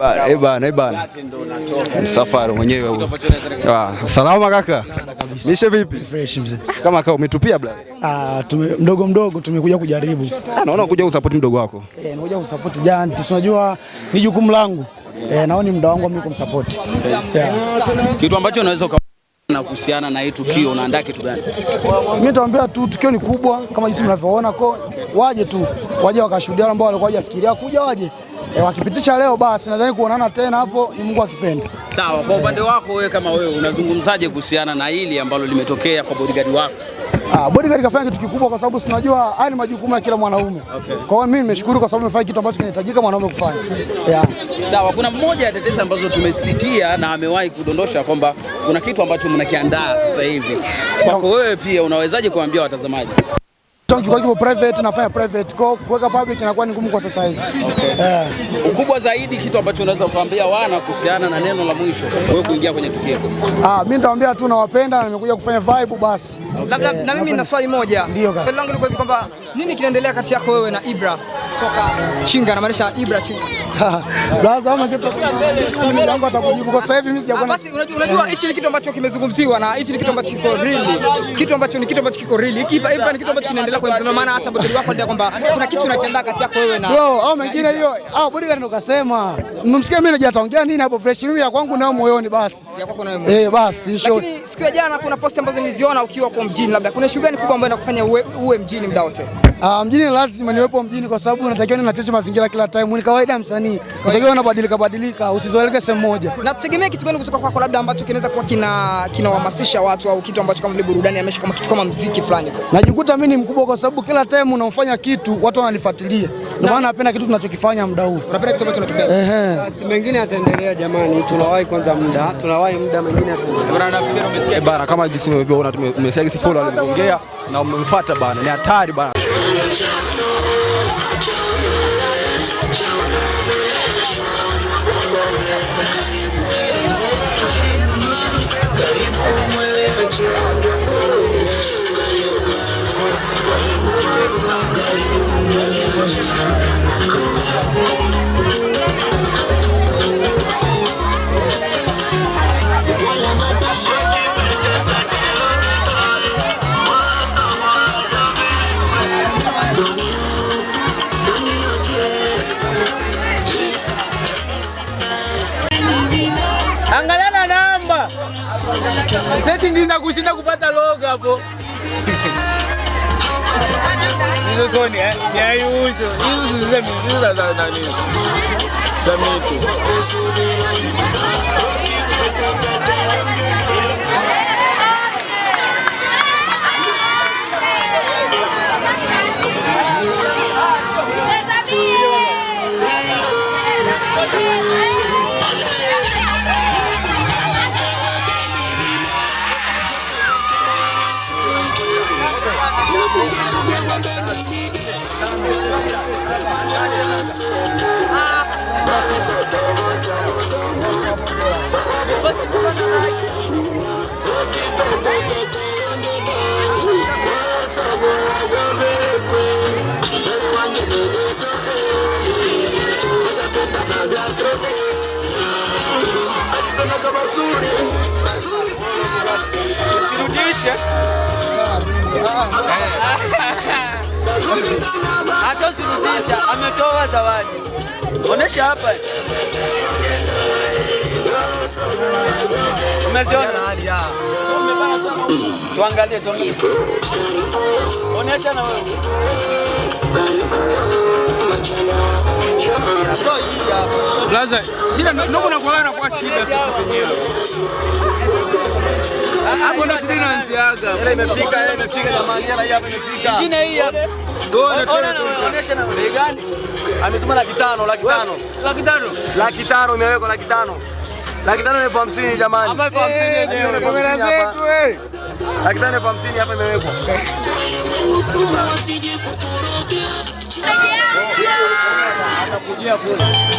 Eh, eh, Safari mwenyewe ah, Salama kaka. Mishe vipi? Fresh mzee. Kama kama umetupia bla. Ah, mdogo mdogo tumekuja kujaribu. Ah, naona kuja kusupport mdogo wako. Eh, nakuja kusupport jana. Unajua ni jukumu langu. Eh, naona mda wangu mimi kumsupport. Kitu ambacho unaweza na kuhusiana na hii tukio unaandaa kitu gani? Mimi nitawaambia tu tukio ni kubwa kama jinsi mnavyoona, ko waje tu waje wakashuhudia, ambao walikuwa hawajafikiria kuja waje E, wakipitisha leo basi nadhani kuonana tena hapo ni Mungu akipenda. Sawa, kwa upande wako wewe kama wewe unazungumzaje kuhusiana na hili ambalo limetokea kwa bodyguard wako? Ah, bodyguard kafanya kitu kikubwa kwa sababu sinajua haya ni majukumu ya kila mwanaume. Okay. Kwa hiyo mimi nimeshukuru kwa sababu nimefanya kitu ambacho kinahitajika mwanaume kufanya. Yeah. Sawa, kuna mmoja ya tetesi ambazo tumesikia na amewahi kudondosha kwamba kuna kitu ambacho mnakiandaa sasa hivi. Kwako wewe pia unawezaje kuambia watazamaji? Tanki kwa kipo private nafanya private. Kwa kuweka public inakuwa ni ngumu kwa sasa hivi. Okay. Yeah. Ukubwa zaidi kitu ambacho unaweza kuambia wana kuhusiana na neno la mwisho wewe kuingia kwenye tukio. Ah, mimi nitawaambia tu nawapenda na nimekuja kufanya vibe basi. Okay. Na, na, na mimi na swali moja. Swali langu ni kwamba nini kinaendelea kati yako wewe na Ibra? kutoka Chinga na maanisha Ibra Chinga. Brother, ama kitu yangu atakujibu kwa sasa hivi mimi sijakuwa. Ah, basi unajua unajua hichi ni kitu ambacho kimezungumziwa na hichi ni kitu ambacho kiko really. Kitu ambacho ni kitu ambacho kiko really. Hiki hapa ni kitu ambacho kinaendelea kwa mtandao maana hata bodili wako ndio kwamba kuna kitu unakiandaa kati yako wewe na. Bro, au mengine hiyo au bodili ndio kasema. Mmsikia mimi naje nini hapo fresh mimi ya kwangu nao moyoni basi. Ya kwako nao moyoni. Eh, basi sure. Lakini siku ya jana kuna post ambazo niliziona ukiwa kwa mjini labda. Kuna shughuli kubwa ambayo inakufanya uwe mjini muda wote. Uh, mjini lazima niwepo mjini kwa sababu natakiwa ninacheche mazingira kila time. Ni kawaida ya msanii. Natakiwa unabadilika badilika, usizoeleke sehemu moja. Na tutegemea kitu gani kutoka kwako labda ambacho kinaweza kuwa kina kinawahamasisha watu au kitu ambacho kama vile burudani amesha kama kitu kama muziki fulani. Najikuta mimi ni mkubwa kwa sababu kila time unaofanya kitu watu wananifuatilia. Ndio maana napenda kitu tunachokifanya muda huu. Unapenda kitu ambacho tunakipenda. Eh, Basi mengine yataendelea jamani, tunawahi kwanza muda, tunawahi muda mengine ataendelea. Bana kama jinsi umeona tumesikia follow aliongea na umemfuata bana. Ni hatari bana. Yeah. Seti ndina kupata loga hapo. Hizo eh, ni ayuzo. Hizo za Za mitu. Basuri, basuri sana. Basuri Hatozirudisha, ametoa zawadi. Onesha hapa, umeziona? Tuangalie, tuangalie, onesha na wewe. Blaza, shida ndugu na kuagana kwa shida sisi wenyewe. Hapo ndo tunaanziaga. Hela imefika, hela imefika jamani, hela hii hapa imefika. Jina hii hapa. Ngoja tena tunaonesha na bei gani? Ametuma laki tano, laki tano. Laki tano. Laki tano imewekwa laki tano. Laki tano elfu hamsini jamani. Hapa elfu hamsini. Kamera zetu eh. Laki tano elfu hamsini hapa imewekwa. Anakujia kule.